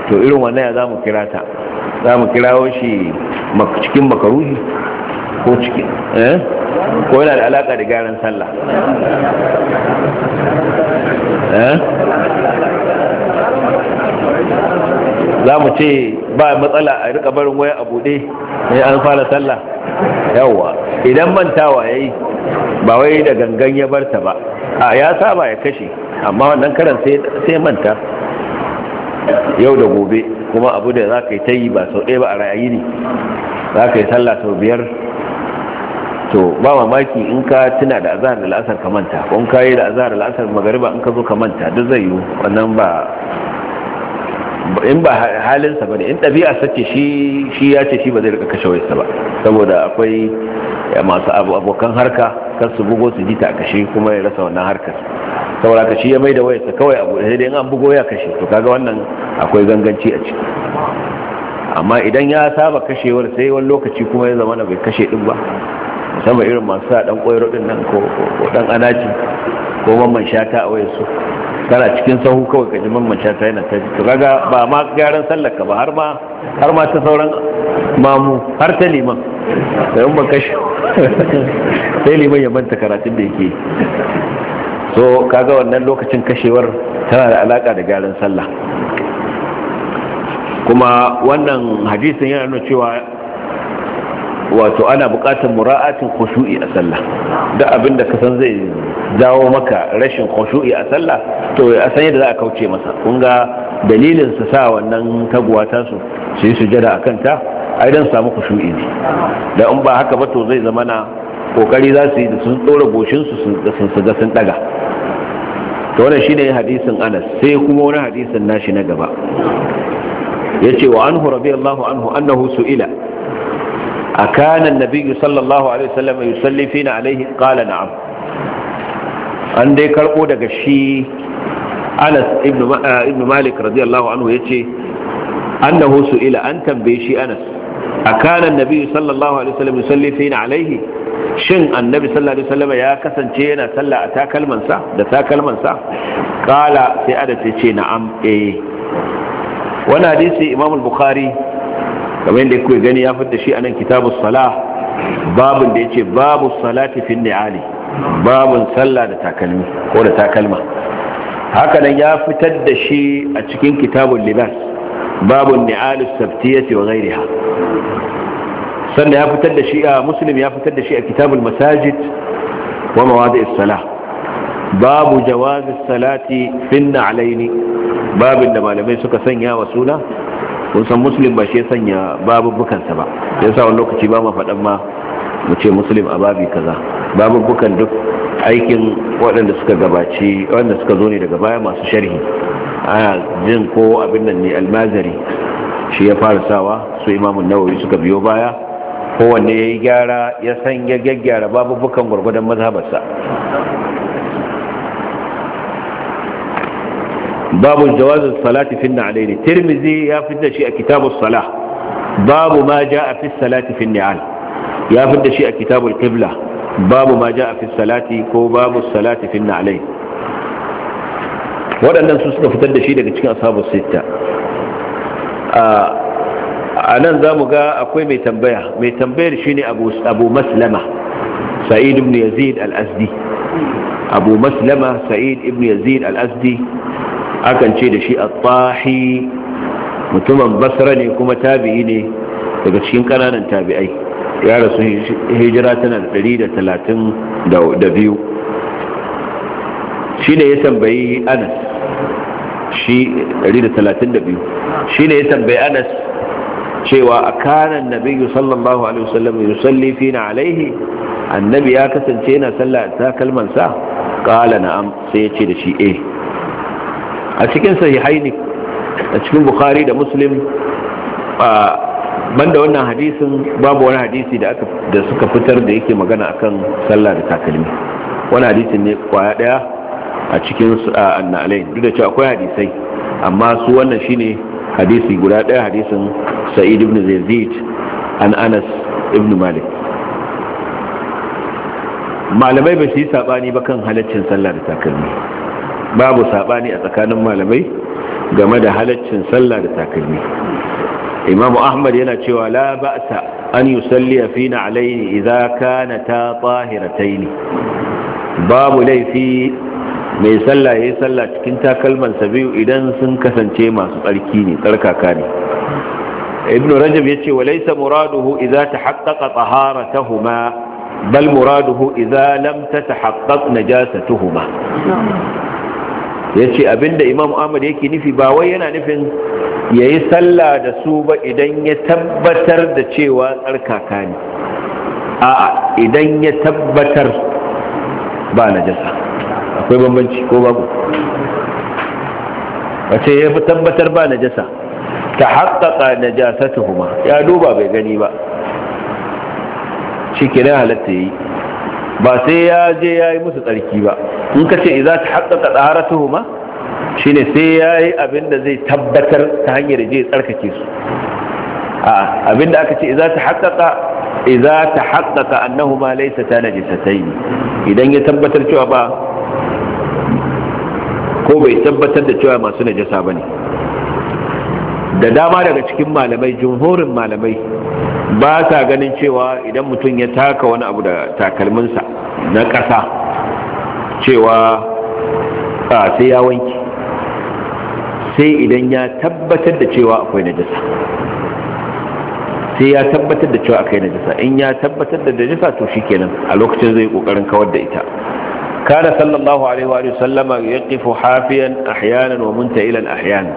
to irin wannan ya za mu kira ta za mu kirawo shi cikin makaruhi ko ciki eh? ko yana da alaka da gyaran sallah eh? za mu ce ba matsala a rika barin waya a bude ne an fara sallah yawwa idan mantawa yi, ba wai da gangan ya barta ba a ya saba ya kashe amma wannan karan sai manta yau da gobe kuma abu da za ka yi ta yi ba sau ɗaya ba a rayayi ne za ka yi sallah sau biyar to ba mamaki in ka tuna da azahar da la'asar ka manta ko in ka yi da azahar da la'asar magariba in ka zo ka manta duk zai yi wannan ba in ba halinsa ba ne in ɗabi'a sace shi shi ya ce shi ba zai rika kashe wayarsa ba saboda akwai masu abokan harka kan su bugo su jita a kashe kuma ya rasa wannan harkar saboda ka shi ya mai da wayarsa kawai abu sai dai an bugo ya kashe to kaga wannan akwai ganganci a ciki amma idan ya saba kashewar sai wani lokaci kuma ya zama na bai kashe din ba musamman irin masu sa ɗan koyar nan ko ɗan anaci ko mamman shata a wayansu su kana cikin sahu kawai ka mamman shata yana ta ji kaga ba ma gyaran sallar ba har ma har ma ta sauran mamu har ta liman sai kashi sai liman ya manta karatun da yake so kaga wannan lokacin kashewar tana da alaka da gyaran sallah kuma wannan hadisin yana nuna cewa wato ana bukatar mura'atin khushu'i a sallah da abinda ka san zai jawo maka rashin khushu'i a sallah to a san yadda za a kauce masa kun ga dalilin sa sa wannan taguwa ta su su yi sujada a kanta ai dan samu khushu'i ne da in ba haka ba to zai zama na kokari za su yi da sun tsora goshin su su ga sun daga to wannan shine hadisin Anas sai kuma wani hadisin nashi na gaba yace wa anhu Allahu anhu annahu su'ila أكان النبي صلى الله عليه وسلم يصلي فينا عليه قال نعم عندي كرقو دقى الشي أنس ابن, ابن مالك رضي الله عنه يتشي أنه سئل أن تنبيشي أنس أكان النبي صلى الله عليه وسلم يصلي فينا عليه shin annabi sallallahu alaihi wasallam ya kasance yana sallah a takalmansa da takalmansa kala sai ada ce na'am eh wannan hadisi imam al-bukhari kamar yadda kuke gani ya fitta shi a nan kitabus salah babun da ya ce babu salati fi ni'ali babun sallah da takalmi ko da takalma haka nan ya fitar da shi a cikin kitabun libas babun ni'alus sabtiyati wa ghayriha sannan ya fitar da shi a muslim ya fitar da shi a kitabul masajid wa mawadi'is salah babu jawazis salati fi ni'alaini babin da malamai suka sanya wa suna kun san muslim ba shi sanya babubukansa ba ya sa wani lokaci ba ma faɗan ma mu ce muslim a babi kaza babubukan duk aikin waɗanda suka gabaci waɗanda suka zo ne daga baya masu sharhi ana jin ko abin nan ne almazari shi ya fara sawa su imamun nawawi suka biyo baya kowanne ya yi gyara ya san ya gyaggyara babubukan gwargwadon mazhabarsa babu jawazin salati fin na'alaini tirmizi ya fitar shi a kitabus salah babu ma ja'a fi salati fin ni'al ya fitar shi a kitabul qibla babu ma ja'a fi salati ko babu salati fin na'alain waɗannan su suka fitar da shi daga cikin ashabu sita a nan za mu ga akwai mai tambaya mai tambayar shi ne abu maslama sa'id ibn yazid al maslama ibn yazid al akan ce da shi a tahi mutumin basra ne kuma tabi'i ne daga cikin kananan tabi'ai ya rasu hijira tana da biyu. shi ne ya tambayi anas shi 132 shi ne ya tambayi anas cewa a kanan nabi sallallahu alaihi wasallam yusalli fina alaihi annabi ya kasance yana sallah ta kalmansa kala na'am sai ya ce da shi eh a cikin sahihaini a cikin bukhari da muslim banda wannan hadisin babu wani hadisi da aka da suka fitar da yake magana akan sallah da takalmi wani hadisin ne kwaya daya a cikin annalai duk da cewa akwai hadisai amma su wannan shine hadisi guda daya hadisin sa'id ibn zayd an anas ibn malik malamai ba su yi sabani ba kan halaccin sallah da takalmi babu sabani a tsakanin malamai game da halaccin sallah da takalmi imam ahmad yana cewa la ba'sa an yusalli fi na'alayni idza kana ta tahiratayn babu laifi mai sallah yayi sallah cikin takalman biyu idan sun kasance masu tsarki ne tsarkaka ne ibn rajab yace wa laysa muraduhu idza tahaqqaqa taharatuhuma bal muraduhu idza lam tatahaqqaq najasatuhuma ya ce abinda imam ahmad yake nufi ba wai yana nufin ya yi sallah da su ba idan ya tabbatar da cewa tsarkaka ne a idan ya tabbatar ba na jasa akwai bambanci ko babu wace ya fi tabbatar ba na jasa ta haƙaƙa na jasa tuhuma ya duba bai gani ba shi kira halatta yi ba sai ya je ya yi musu tsarki ba in ka ce ta tahaqqaqa Shi ne sai yayi abin da zai tabbatar ta hanyar je tsarkake su a abin da aka ce ta idza annahu ma laisa ta laysata najisatayn idan ya tabbatar cewa ba ko bai tabbatar da cewa masu najasa ne. da dama daga cikin malamai jumhurin malamai ba sa ganin cewa idan mutum ya taka wani abu da takalminsa na ƙasa cewa a sai ya wanki sai idan ya tabbatar da cewa akwai najasa sai ya tabbatar da cewa akwai najasa in ya tabbatar da najasa to shikenan a lokacin zai kokarin kawar da ita kana sallallahu alaihi wa sallama yaqifu hafiyan ahyanan wa munta'ilan ahyanan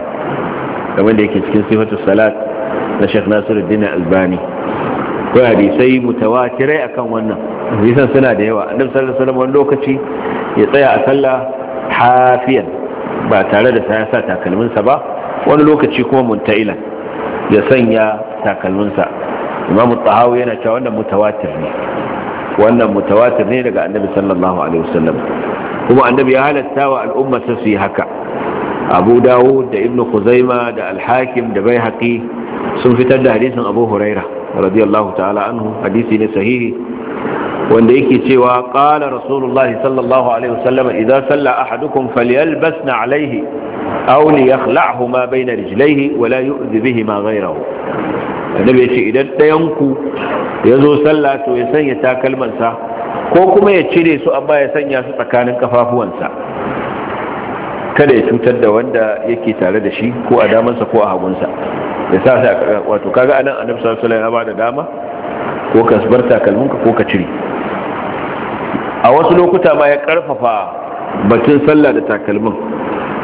kamar da yake cikin sifatu salat na Sheikh Nasiruddin Albani ko hadisai mutawatirai akan wannan hadisan suna da yawa annabi sallallahu alaihi wasallam wani lokaci ya tsaya a sallah hafiyan ba tare da ya sa takalminsa ba wani lokaci kuma munta'ilan ya sanya takalminsa imamu tahawu yana cewa wannan mutawatir ne wannan mutawatir ne daga annabi sallallahu alaihi wasallam kuma annabi ya halatta wa al'umma su yi haka abu dawud da ibnu kuzaima da alhakim da bai sun fitar da hadisin abu huraira radiyallahu ta'ala anhu hadisi ne sahihi wanda yake cewa qala rasulullahi sallallahu alaihi wasallam idza salla ahadukum na alaihi aw liyakhla'hu ma bayna rijlaihi wa la yu'dhi bihi ma ghayrahu annabi yace idan ku yazo sallah to ya sanya takalmansa ko kuma ya cire su amma ya sanya su tsakanin kafafuwansa kada ya cutar da wanda yake tare da shi ko a damansa ko a hagunsa ya sa sai wato kaga anan annabi sallallahu alaihi wasallam ya da dama ko ka bar takalminka ko ka cire a wasu lokuta ma ya karfafa batun sallah da takalmin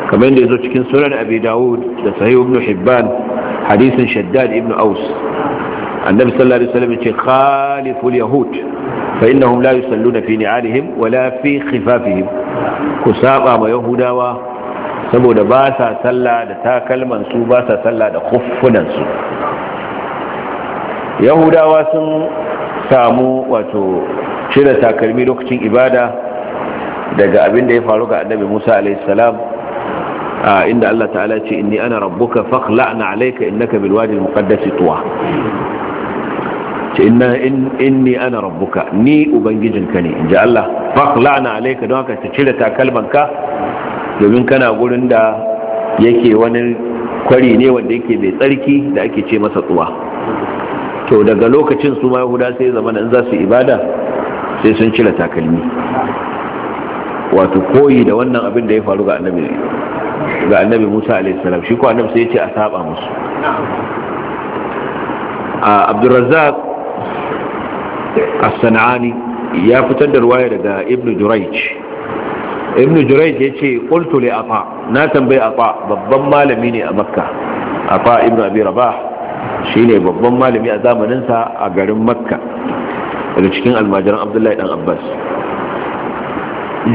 kamar yadda ya zo cikin sunan abi dawud da sahih ibn hibban hadisin shaddad ibn aus annabi sallallahu alaihi wasallam ce khaliful yahud fa innahum la yusalluna fi ni'alihim wala fi khifafihim ku saba ma yahudawa saboda ba sa sallah da takalman su ba sa sallah da khuffunan su yahudawa sun samu wato cire takalmi lokacin ibada daga abin da ya faru ga annabi Musa alaihi salam inda Allah ta'ala ce inni ana rabbuka fakhla'na alayka innaka bil wadi al muqaddas tuwa ce inna inni ana rabbuka ni ubangijinka ne inji Allah fakhla'na alayka don haka ta cire takalmanka domin kana gurin da yake wani kwari ne wanda yake mai tsarki da ake ce masa tuwa. to daga lokacin su ma yahuda sai zamanin in za su ibada sai sun cire takalmi wato koyi da wannan abin da ya faru ga annabi ga annabi Musa alayhi salam shi ko annabi sai ya ce a saba musu a Razzaq as-Sanani ya fitar da ruwaya daga Ibn Jurayj Ibn Jurayj ce qultu li Afa na tambayi Afa babban malami ne a Makka Afa Ibn Abi Rabah shine babban malami a zamanin sa a garin Makka daga cikin almajiran abdullahi dan abbas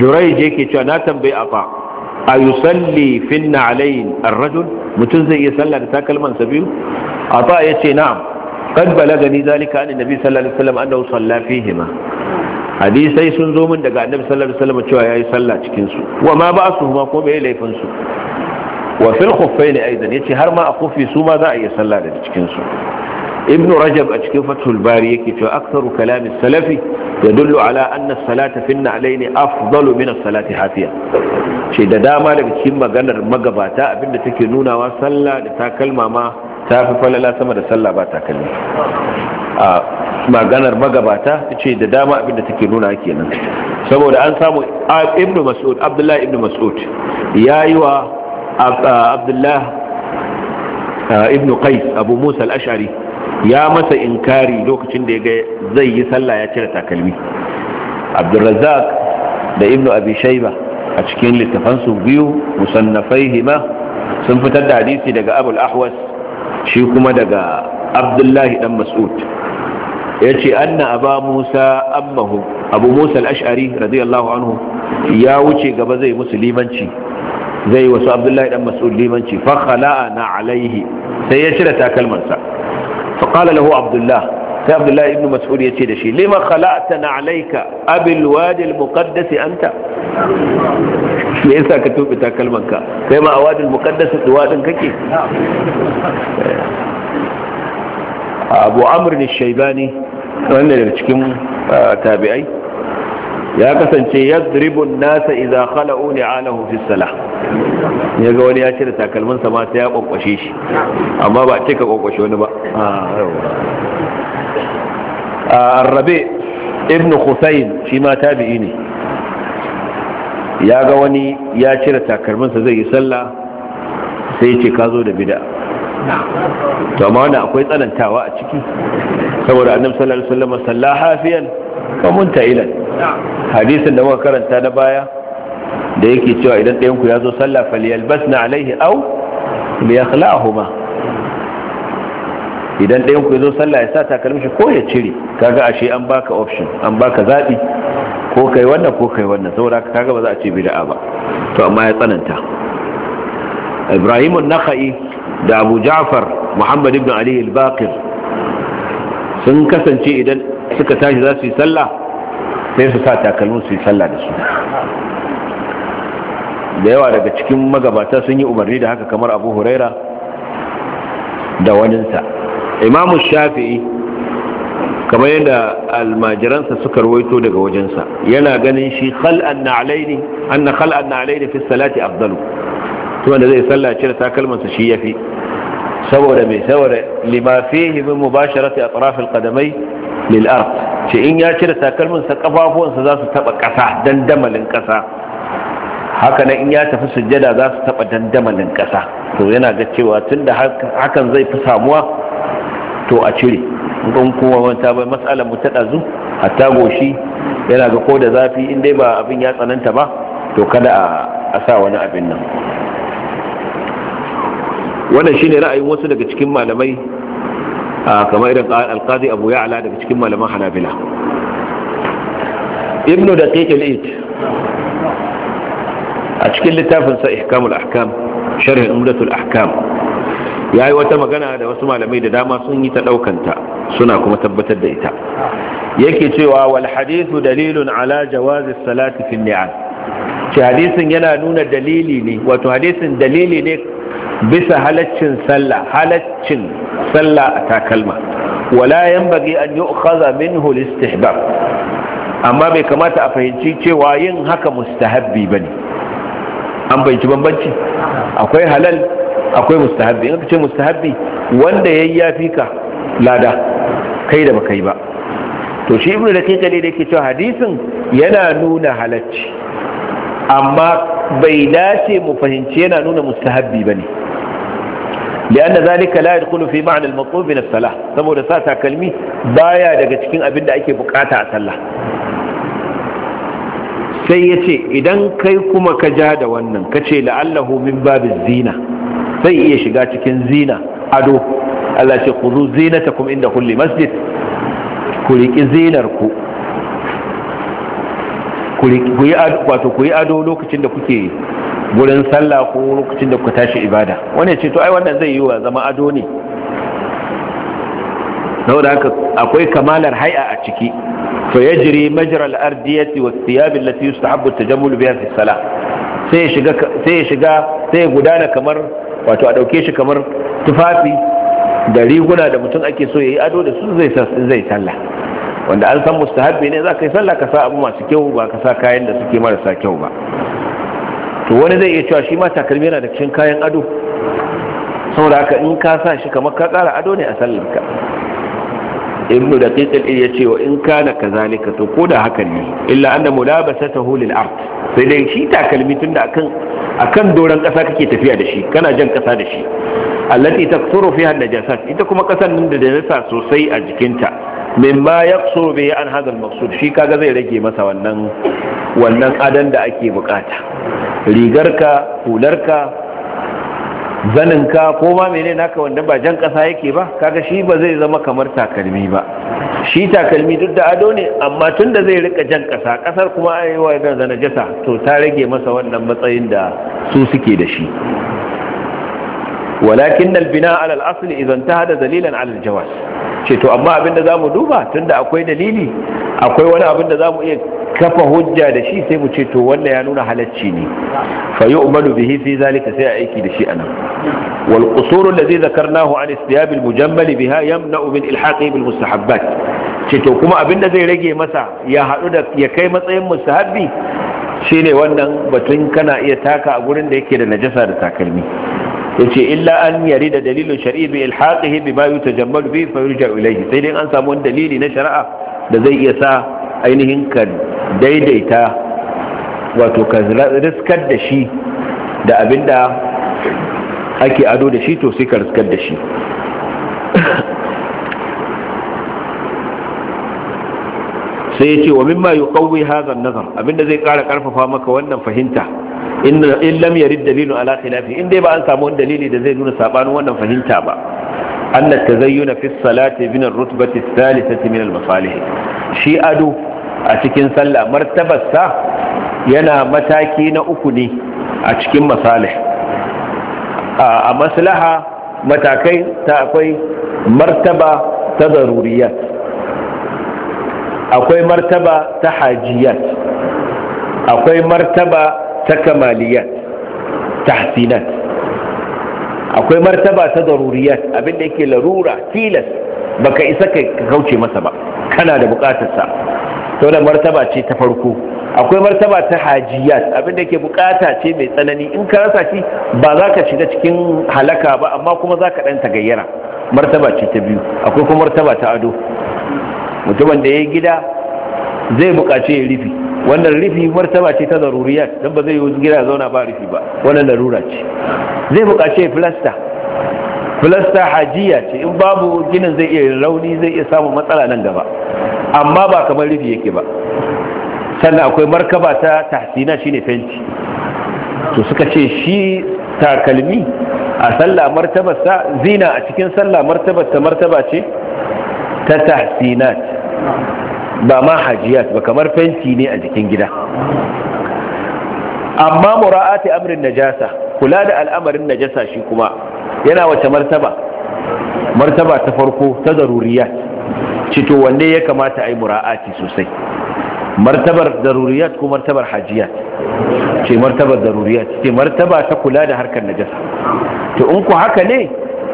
jurai ke cewa na tambayi afa a salli finna alayin arrajul mutum zai iya sallah da takalman sa biyu afa ya ce na'am qad ni zalika an annabi sallallahu alaihi wasallam annahu salla fihima hadisai sun zo min daga annabi sallallahu alaihi wasallam cewa yayi sallah cikin su wa ma su ma ko bai laifin su wa fil khuffaini aidan yace har ma a kufi su ma za a iya sallah da cikin su ibn rajab a cikin fathul bari yake cewa aksaru kalami salafi yadullu ala anna salata fi na'laini afdalu min salati hafiya ce da dama daga cikin maganar magabata abinda take nunawa sallah da takalma ta fi falala sama da sallah ba takalmi maganar magabata ce da dama abinda nuna kenan saboda an samu ibn mas'ud abdullahi ibn mas'ud yayi wa abdullahi ibn qais abu musa al-ash'ari ya masa inkari lokacin da ya ga zai yi sallah ya cire takalmi abdurrazzaq da ibnu abi shayba a cikin littafan su biyu musannafaihima sun fitar da hadisi daga abul ahwas shi kuma daga abdullahi dan mas'ud ya ce anna aba musa ammahu abu musa al-ash'ari radiyallahu anhu ya wuce gaba zai musu zai wasu abdullahi dan mas'ud limanci fa khala'a na alaihi sai ya cire takalmansa فقال له عبد الله sai abdullahi ibn mas'ud ya ce da shi lima khala'tana alayka abil wadi al muqaddas anta me yasa ka tobe takalman ka kai ma a wadi al muqaddas duwadin kake abu wanda daga cikin tabi'ai ya kasance yadribun nasa iza khala'u ni'alahu fi sala ya ga wani ya da takalmin sama ma sai ya kwakwashe shi amma ba ce ka kwakwashe wani ba ah, a ah, rabe ibn husayn shi ma tabi'i ne ya ga wani ya da takalmin sa zai yi sallah sai ya ce ka zo da bid'a to amma wani akwai tsanantawa a ciki saboda annabi sallallahu alaihi wasallam sallaha hafiyan kamun ilan hadisin da muka karanta na baya da yake cewa idan ɗayanku ya zo sallah falyalbas na alaihi au liyakhla'ahuma idan ɗayanku ya zo sallah ya sa takalmi shi ko ya cire kaga ashe an baka option an baka zaɓi, ko kai wannan ko kai wannan saboda ka kaga ba za a ce bid'a ba to amma ya tsananta Ibrahim an-Nakhai da Abu Ja'far Muhammad ibn Ali al-Baqir sun kasance idan suka tashi za su yi sallah sai su sa takalmin su yi sallah da su da yawa daga cikin magabata sun yi umarni da haka kamar abu huraira da waninsa imamu shafi'i kamar yadda almajiransa suka ruwaito daga wajensa yana ganin shi khal'an na alaini na khal'an na alaini fi salati Abdalu. Su wanda zai salla da takalmansa shi ya fi. saboda mai saboda lima fihi mubasharati a tsarafin kadamai lil ce in ya cire takalminsa kafafuwansa za su taba kasa dandamalin kasa haka nan in ya tafi sujjada za su taba dandamalin kasa to yana ga cewa tunda hakan zai fi samuwa to a cire in kuma wanta bai matsalar mu ta dazu hatta goshi yana ga ko da zafi in dai ba abin ya tsananta ba to kada a sa wani abin nan wannan shine ra'ayin wasu daga cikin malamai Ah, kamar irin alqadi abu ala daga cikin malaman hanabila Ibnu daqiq al a cikin littafin sa ihkamul ahkam sharh umdatul ahkam yayi wata magana da wasu malamai da dama sun yi ta daukanta suna kuma tabbatar da ita yake cewa wal hadithu dalilun ala jawazi salati fi ni'am ce hadisin yana nuna dalili ne wato hadisin dalili ne bisa halaccin sallah halaccin sallah a takalma wala yanbaghi an yu'khadha minhu al-istihbab amma bai kamata a fahimci cewa yin haka mustahabbi bane an bayyanci bambanci akwai halal akwai mustahabbi in ka ce mustahabbi wanda yayi yafi ka lada kai da baka yi ba to shi ibnu daqiqa ne da yake cewa hadisin yana nuna halacci amma bai dace mu fahimci yana nuna mustahabbi bane لأن ذلك لا يدخل في معنى المطلوب من الصلاة سمو رساسة كلمي بايا daga cikin abinda ake bukata a sallah sai ya ce idan kai kuma ka ja da wannan ka ce la'allahu min babin zina sai iya shiga cikin zina ado Allah ce ku inda kulli masjid ku ku yi ado lokacin da kuke gurin sallah ko lokacin da kuka tashi ibada wani ce to ai wannan zai yi wa zama ado ne saboda haka akwai kamalar hai'a a ciki fa yajri majra al-ardiyati wa thiyab allati yustahabbu at biha fi salah sai ya shiga sai ya shiga sai gudana kamar wato a dauke shi kamar tufafi da riguna da mutum ake so yayi ado da su zai zai sallah wanda an san mustahabbi ne za ka yi sallah ka sa abu masu kyau ba ka sa kayan da suke marasa kyau ba to wani zai iya cewa shi ma takalmi yana da cikin kayan ado saboda haka in ka sa shi kamar ka ƙara ado ne a sallarka ibnu da ya ce cewa in ka na kazalika to ko da hakan ne illa an da mulabasa ta hulil art sai dai shi takalmi tunda akan akan doron ƙasa kake tafiya da shi kana jan ƙasa da shi allati taksuru fiha najasat ita kuma ƙasan nan da nasa sosai a jikinta mimma yaqsu bi an hadha al shi kaga zai rage masa wannan wannan adan da ake bukata rigarka hularka zaninka ko ma mene naka wanda ba jan kasa yake ba kaga shi ba zai zama kamar takalmi ba shi takalmi duk da ado ne amma tun da zai rika jan kasa kasar kuma yi wa ga jasa to ta rage masa wannan matsayin da su suke da shi walakin albina ala al-asl idan hada dalilan ala al ce to amma abin da za mu duba tunda akwai dalili akwai wani abin da za mu iya kafa hujja da shi sai mu ce to wannan ya nuna halacci ne fa umaru bihi fi zalika sai a aiki da shi anan wal zai zakar nahu an istiyab al mujammal biha yamna'u min ilhaqihi bil mustahabbat ce to kuma abin da zai rage masa ya haɗu da ya kai matsayin mustahabbi shine wannan batun kana iya taka a gurin da yake da najasa da takalmi yace illa an yari da dalilin shari'i bi ilhaqihi bima yutajammalu bi fa yurja ilayhi sai dai an samu wani dalili na shari'a da zai iya sa ainihin ka daidaita wato ka riskar da shi da abinda ake ado da shi to sai ka riskar da shi sai ya ce wa mimma yuqawwi hadha an-nazar abinda zai kara karfafa maka wannan fahimta in lam yarid dalilu ala khilafi in dai ba an samu wani dalili da zai nuna sabanin wannan fahimta ba anna tazayyuna fi salati min ar-rutbati ath-thalithati min al-masalih shi ado a cikin sallah martabarsa yana mataki na uku ne a cikin masalih a maslaha matakai ta akwai martaba ta daruriyat akwai martaba ta hajiyat akwai martaba ta kamaliyat tahsinat akwai martaba ta daruriyat abinda yake larura tilas baka isa ka kauce masa ba kana da bukatarsa to da martaba ce ta farko akwai martaba ta hajiyat abinda yake bukata ce mai tsanani in ka rasa shi ba za ka shiga cikin halaka ba amma kuma za ka dan gayyara. martaba ce ta biyu akwai kuma martaba ta ado mutumin da ya gida zai bukaci ya rufi wannan rufi martaba ce ta zaruriyat don ba zai yi gida zauna ba rufi ba wannan larura ce zai buƙaci filasta filasta hajiya ce in babu ginin zai iya rauni zai iya samun matsala nan gaba amma ba kamar rufi yake ba sannan akwai markaba ta tahsina shine fenti to suka ce shi takalmi a sallah martabarsa zina a cikin sallah martabarsa martaba ce ta tahsinat ba ma hajiyat ba kamar fenti ne a jikin gida amma mura'ati amrin najasa kula da al'amarin najasa shi kuma yana wace martaba martaba ta farko ta zaruriyat cito wanne ya kamata a yi mura'ati sosai martabar zaruriyat ko martabar hajiyat ce martabar zaruriyat ce martaba ta kula da harkar najasa to in ku haka ne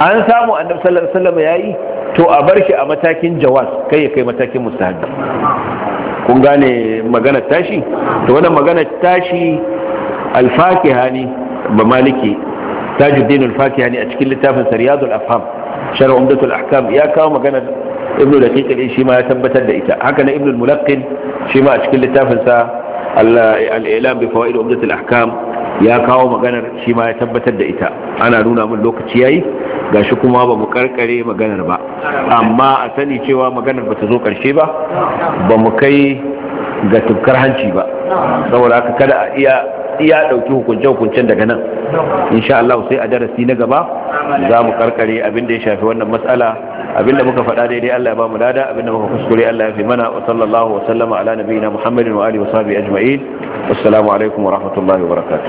an samu annabi sallallahu alaihi wasallam yayi to a bar shi a matakin jawaz kai ya kai matakin mustahabi kun gane magana tashi to wannan magana tashi al-fakiha ne ba maliki tajuddin al-fakiha ne a cikin littafin sariyadul afham sharh umdatul ahkam ya kawo magana ibn daqiq al shi ma ya tabbatar da ita haka na ibn al-mulaqqin shi ma a cikin littafin sa al-i'lam bi fawaid umdatul ahkam ya kawo maganar shi ma ya tabbatar da ita ana nuna min lokaci yayi gashi kuma ba mu karkare maganar ba amma a sani cewa maganar ba ta zo karshe ba ba mu kai ga tukar hanci ba saboda haka kada a iya iya dauki hukunce hukuncen daga nan insha Allah sai a darasi na gaba za mu karkare abin da ya shafi wannan mas'ala abin da muka faɗa daidai Allah ya ba mu lada abin da muka kuskure Allah ya fi mana wa sallallahu wa sallama ala nabiyina Muhammadin wa alihi wa sahbihi ajma'in assalamu alaikum wa rahmatullahi wa barakatuh